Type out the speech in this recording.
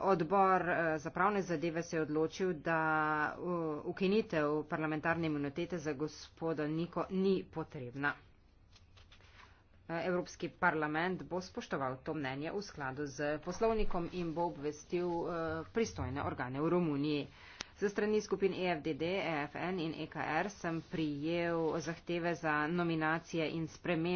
Odbor eh, za pravne zadeve se je odločil, da ukinitev parlamentarne imunitete za gospoda Niko ni potrebna. Eh, Evropski parlament bo spoštoval to mnenje v skladu z poslovnikom in bo obvestil eh, pristojne organe v Romuniji. Za strani skupin EFDD, EFN in EKR sem prijel zahteve za nominacije in spremembe.